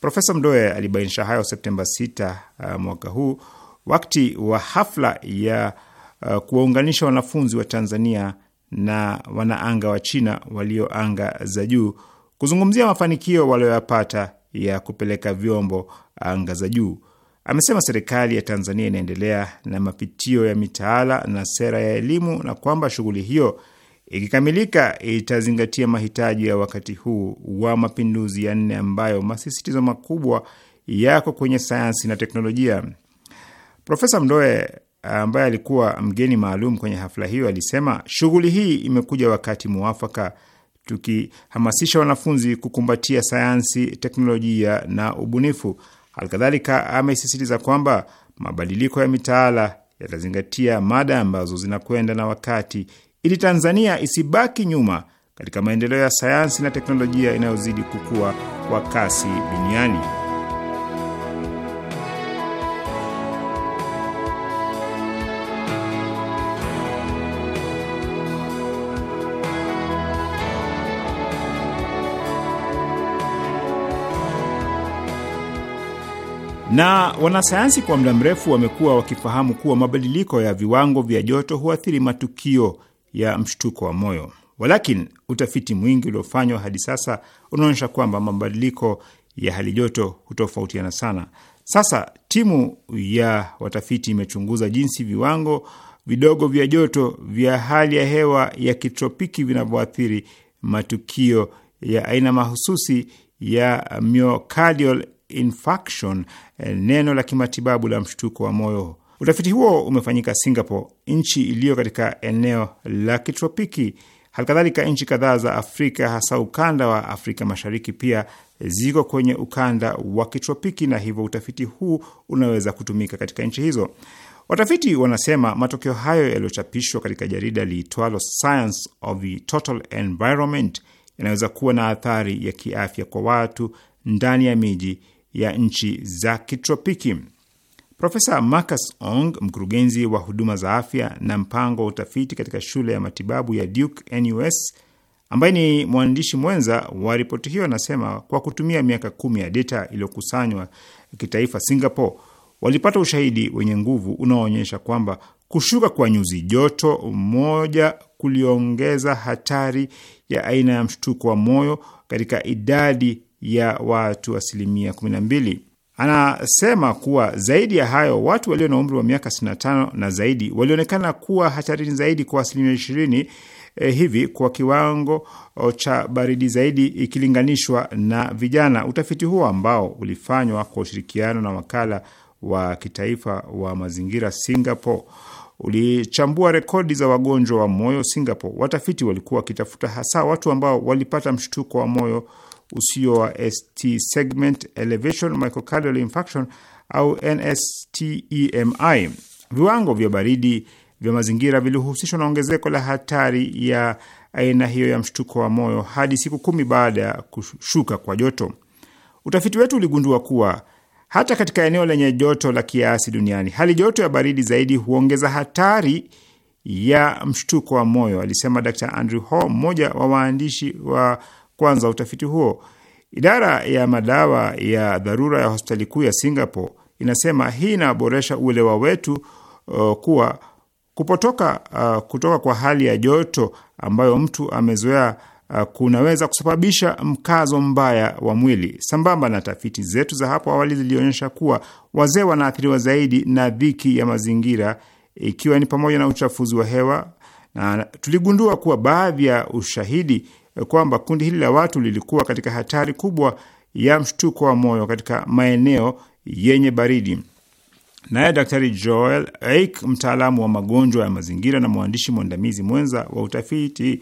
Profesa Mdoe alibainisha hayo Septemba 6 uh, mwaka huu wakati wa hafla ya uh, kuwaunganisha wanafunzi wa Tanzania na wanaanga wa China walioanga za juu kuzungumzia mafanikio walioyapata ya kupeleka vyombo anga za juu. Amesema serikali ya Tanzania inaendelea na mapitio ya mitaala na sera ya elimu na kwamba shughuli hiyo ikikamilika itazingatia mahitaji ya wakati huu wa mapinduzi ya nne ambayo masisitizo makubwa yako kwenye sayansi na teknolojia. Profesa Mdoe ambaye alikuwa mgeni maalum kwenye hafla hiyo alisema shughuli hii imekuja wakati muafaka tukihamasisha wanafunzi kukumbatia sayansi, teknolojia na ubunifu. Halikadhalika, amesisitiza kwamba mabadiliko ya mitaala yatazingatia mada ambazo zinakwenda na wakati ili Tanzania isibaki nyuma katika maendeleo ya sayansi na teknolojia inayozidi kukua kwa kasi duniani. na wanasayansi kwa muda mrefu wamekuwa wakifahamu kuwa mabadiliko ya viwango vya joto huathiri matukio ya mshtuko wa moyo. Walakin utafiti mwingi uliofanywa hadi sasa unaonyesha kwamba mabadiliko ya hali joto hutofautiana sana. Sasa timu ya watafiti imechunguza jinsi viwango vidogo vya joto vya hali ya hewa ya kitropiki vinavyoathiri matukio ya aina mahususi ya myocardial infarction, eh, neno la kimatibabu la mshtuko wa moyo. Utafiti huo umefanyika Singapore, nchi iliyo katika eneo la kitropiki. Halikadhalika, nchi kadhaa za Afrika hasa ukanda wa Afrika Mashariki pia ziko kwenye ukanda wa kitropiki, na hivyo utafiti huu unaweza kutumika katika nchi hizo. Watafiti wanasema matokeo hayo yaliyochapishwa katika jarida liitwalo Science of the Total Environment yanaweza kuwa na athari ya kiafya kwa watu ndani ya miji ya nchi za kitropiki. Profesa Marcus Ong, mkurugenzi wa huduma za afya na mpango wa utafiti katika shule ya matibabu ya Duke NUS, ambaye ni mwandishi mwenza wa ripoti hiyo, anasema kwa kutumia miaka kumi ya data iliyokusanywa kitaifa, Singapore walipata ushahidi wenye nguvu unaoonyesha kwamba kushuka kwa nyuzi joto moja kuliongeza hatari ya aina ya mshtuko wa moyo katika idadi ya watu asilimia 12. Anasema kuwa zaidi ya hayo, watu walio na umri wa miaka 65 na zaidi walionekana kuwa hatarini zaidi kwa asilimia 20 eh, hivi kwa kiwango oh, cha baridi zaidi ikilinganishwa na vijana. Utafiti huo ambao ulifanywa kwa ushirikiano na wakala wa kitaifa wa mazingira Singapore ulichambua rekodi za wagonjwa wa moyo Singapore. Watafiti walikuwa wakitafuta hasa watu ambao walipata mshtuko wa moyo usio wa ST segment elevation microcardial infarction au NSTEMI. Viwango vya baridi vya mazingira vilihusishwa na ongezeko la hatari ya aina hiyo ya mshtuko wa moyo hadi siku kumi baada ya kushuka kwa joto. Utafiti wetu uligundua kuwa hata katika eneo lenye joto la kiasi duniani, hali joto ya baridi zaidi huongeza hatari ya mshtuko wa moyo, alisema Dr Andrew Ho, mmoja wa waandishi wa kwanza utafiti huo. Idara ya madawa ya dharura ya hospitali kuu ya Singapore inasema hii inaboresha uelewa wetu uh, kuwa kupotoka uh, kutoka kwa hali ya joto ambayo mtu amezoea uh, kunaweza kusababisha mkazo mbaya wa mwili. Sambamba na tafiti zetu za hapo awali zilionyesha kuwa wazee wanaathiriwa zaidi na dhiki ya mazingira, ikiwa ni pamoja na uchafuzi wa hewa, na tuligundua kuwa baadhi ya ushahidi kwamba kundi hili la watu lilikuwa katika hatari kubwa ya mshtuko wa moyo katika maeneo yenye baridi. Naye Daktari Joel Eik, mtaalamu wa magonjwa ya mazingira na mwandishi mwandamizi mwenza wa utafiti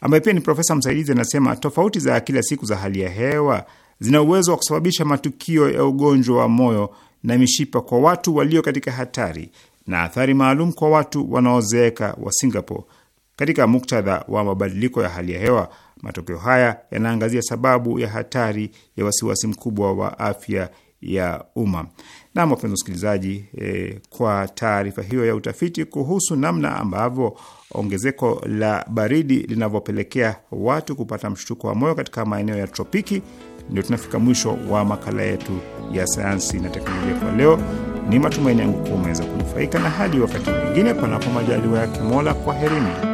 ambaye pia ni profesa msaidizi, anasema tofauti za kila siku za hali ya hewa zina uwezo wa kusababisha matukio ya ugonjwa wa moyo na mishipa kwa watu walio katika hatari na athari maalum kwa watu wanaozeeka wa Singapore. Katika muktadha wa mabadiliko ya hali ya hewa, Matokeo haya yanaangazia sababu ya hatari ya wasiwasi mkubwa wa afya ya umma. Nam, wapenzi wasikilizaji, e, kwa taarifa hiyo ya utafiti kuhusu namna ambavyo ongezeko la baridi linavyopelekea watu kupata mshtuko wa moyo katika maeneo ya tropiki, ndio tunafika mwisho wa makala yetu ya sayansi na teknolojia kwa leo. Ni matumaini yangu kuwa umeweza kunufaika, na hadi wakati mwingine, panapo majaliwa yake Mola, kwaherini.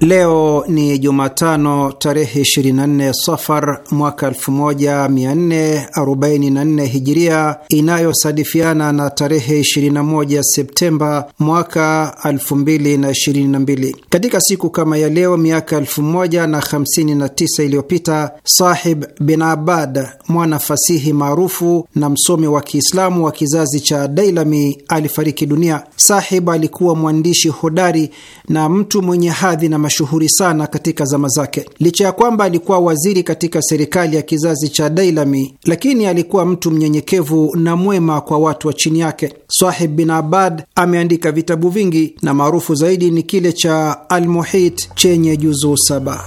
Leo ni Jumatano tarehe 24 Safar mwaka 1444 Hijiria, inayosadifiana na tarehe 21 Septemba mwaka 2022. Katika siku kama ya leo miaka 1059 iliyopita, Sahib bin Abad, mwana fasihi maarufu na msomi wa Kiislamu wa kizazi cha Dailami, alifariki dunia. Sahib alikuwa mwandishi hodari na mtu mwenye hadhi na mashuhuri sana katika zama zake. Licha ya kwamba alikuwa waziri katika serikali ya kizazi cha Dailami, lakini alikuwa mtu mnyenyekevu na mwema kwa watu wa chini yake. Sahib bin Abad ameandika vitabu vingi na maarufu zaidi ni kile cha Almuhit chenye juzuu saba.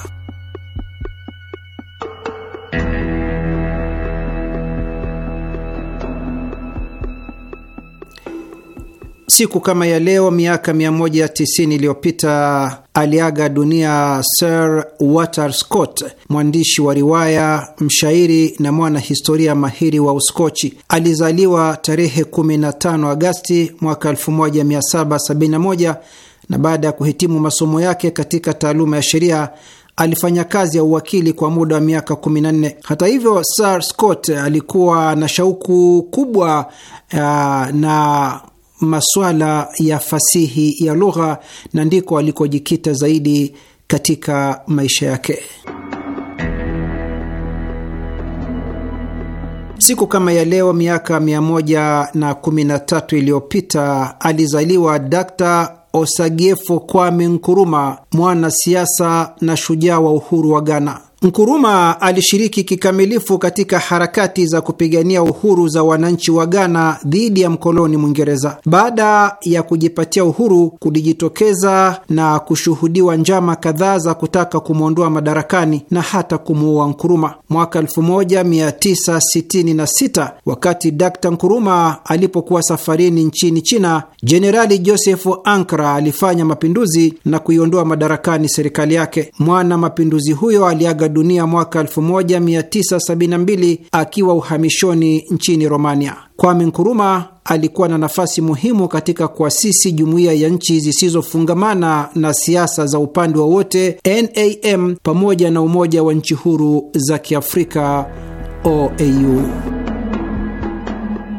Siku kama ya leo miaka 190 iliyopita aliaga dunia Sir Walter Scott, mwandishi wa riwaya, mshairi na mwanahistoria mahiri wa Uskochi. Alizaliwa tarehe 15 Agasti mwaka 1771 na baada ya kuhitimu masomo yake katika taaluma ya sheria alifanya kazi ya uwakili kwa muda wa miaka 14. Hata hivyo, Sir Scott alikuwa na shauku kubwa uh, na masuala ya fasihi ya lugha na ndiko alikojikita zaidi katika maisha yake. Siku kama ya leo miaka 113 iliyopita alizaliwa Dr. Osagyefo Kwame Nkuruma, mwanasiasa na shujaa wa uhuru wa Ghana. Nkuruma alishiriki kikamilifu katika harakati za kupigania uhuru za wananchi wa Ghana dhidi ya mkoloni Mwingereza. Baada ya kujipatia uhuru, kulijitokeza na kushuhudiwa njama kadhaa za kutaka kumwondoa madarakani na hata kumuua Nkuruma. Mwaka 1966 wakati d Nkuruma alipokuwa safarini nchini China, Jenerali Joseph Ankra alifanya mapinduzi na kuiondoa madarakani serikali yake. Mwana mapinduzi huyo aliaga dunia mwaka 1972 akiwa uhamishoni nchini Romania. Kwame Nkuruma alikuwa na nafasi muhimu katika kuasisi jumuiya ya nchi zisizofungamana na siasa za upande wowote NAM pamoja na Umoja wa Nchi Huru za Kiafrika OAU.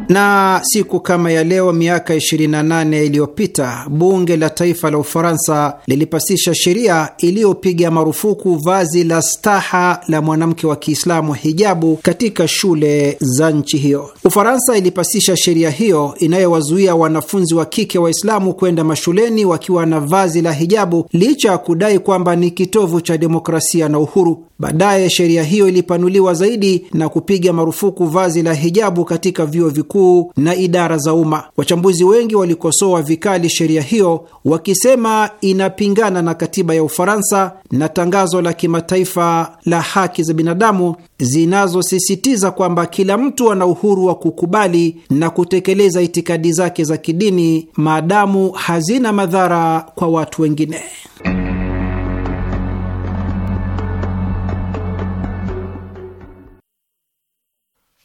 Na siku kama ya leo miaka 28 iliyopita bunge la taifa la Ufaransa lilipasisha sheria iliyopiga marufuku vazi la staha la mwanamke wa Kiislamu, hijabu, katika shule za nchi hiyo. Ufaransa ilipasisha sheria hiyo inayowazuia wanafunzi wa kike Waislamu kwenda mashuleni wakiwa na vazi la hijabu, licha ya kudai kwamba ni kitovu cha demokrasia na uhuru. Baadaye sheria hiyo ilipanuliwa zaidi na kupiga marufuku vazi la hijabu katika vyuo vikuu kuu na idara za umma. Wachambuzi wengi walikosoa vikali sheria hiyo wakisema inapingana na katiba ya Ufaransa na tangazo la kimataifa la haki za binadamu zinazosisitiza kwamba kila mtu ana uhuru wa kukubali na kutekeleza itikadi zake za kidini maadamu hazina madhara kwa watu wengine.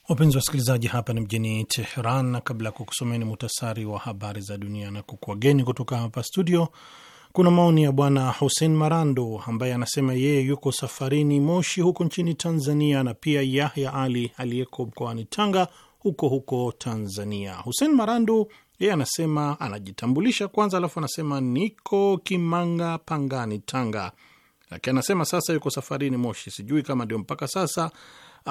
Wapenzi wa wasikilizaji, hapa ni mjini Teheran, na kabla ya kukusomeni muhtasari wa habari za dunia na kukuageni kutoka hapa studio, kuna maoni ya bwana Hussein Marando ambaye anasema yeye yuko safarini Moshi huko nchini Tanzania, na pia Yahya Ali aliyeko mkoani Tanga huko huko Tanzania. Hussein Marando yeye anasema anajitambulisha kwanza, alafu anasema niko Kimanga Pangani, Tanga, lakini anasema sasa yuko safarini Moshi, sijui kama ndio mpaka sasa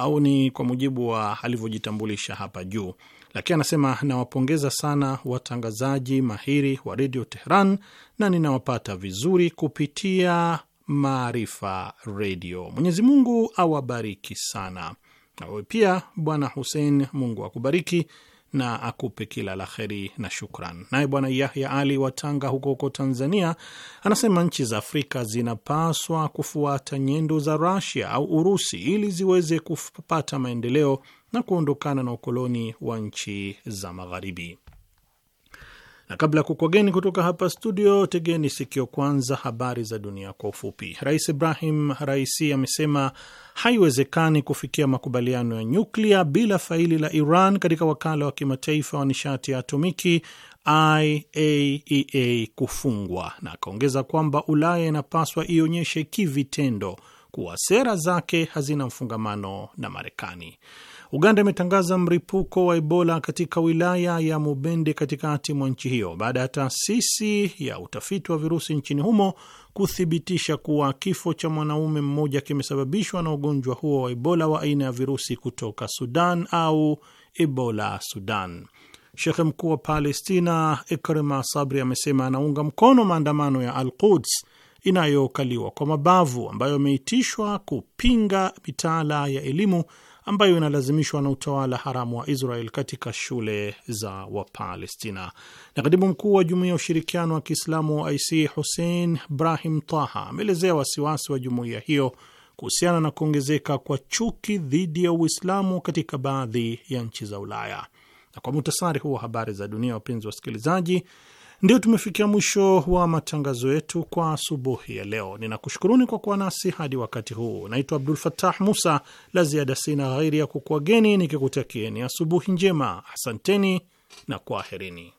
au ni kwa mujibu wa alivyojitambulisha hapa juu. Lakini anasema nawapongeza sana watangazaji mahiri wa redio Teheran na ninawapata vizuri kupitia Maarifa Redio. Mwenyezi Mungu awabariki sana. Nawe pia Bwana Hussein, Mungu akubariki na akupe kila la heri na shukran. Naye Bwana Yahya Ali wa Tanga huko huko Tanzania anasema nchi za Afrika zinapaswa kufuata nyendo za Rasia au Urusi ili ziweze kupata maendeleo na kuondokana na ukoloni wa nchi za Magharibi na kabla ya kukwageni kutoka hapa studio, tegeni sikio kwanza habari za dunia kwa ufupi. Rais Ibrahim Raisi amesema haiwezekani kufikia makubaliano ya nyuklia bila faili la Iran katika wakala wa kimataifa wa nishati ya atomiki IAEA e kufungwa, na akaongeza kwamba Ulaya inapaswa ionyeshe kivitendo kuwa sera zake hazina mfungamano na Marekani. Uganda imetangaza mripuko wa Ebola katika wilaya ya Mubende katikati mwa nchi hiyo baada ya taasisi ya utafiti wa virusi nchini humo kuthibitisha kuwa kifo cha mwanaume mmoja kimesababishwa na ugonjwa huo wa Ebola wa aina ya virusi kutoka Sudan au Ebola Sudan. Shekhe mkuu wa Palestina Ikrima Sabri amesema anaunga mkono maandamano ya Al Quds inayokaliwa kwa mabavu ambayo ameitishwa kupinga mitaala ya elimu ambayo inalazimishwa na utawala haramu wa Israel katika shule za Wapalestina. Na katibu mkuu wa Jumuiya ya Ushirikiano wa Kiislamu wa OIC Hussein Brahim Taha ameelezea wasiwasi wa jumuiya hiyo kuhusiana na kuongezeka kwa chuki dhidi ya Uislamu katika baadhi ya nchi za Ulaya. Na kwa muhtasari huu wa habari za dunia, wapenzi wa wasikilizaji ndio tumefikia mwisho wa matangazo yetu kwa asubuhi ya leo. Ninakushukuruni kwa kuwa nasi hadi wakati huu. Naitwa Abdul Fattah Musa. La ziada sina ghairi ya kukuageni nikikutakieni asubuhi njema. Asanteni na kwaherini.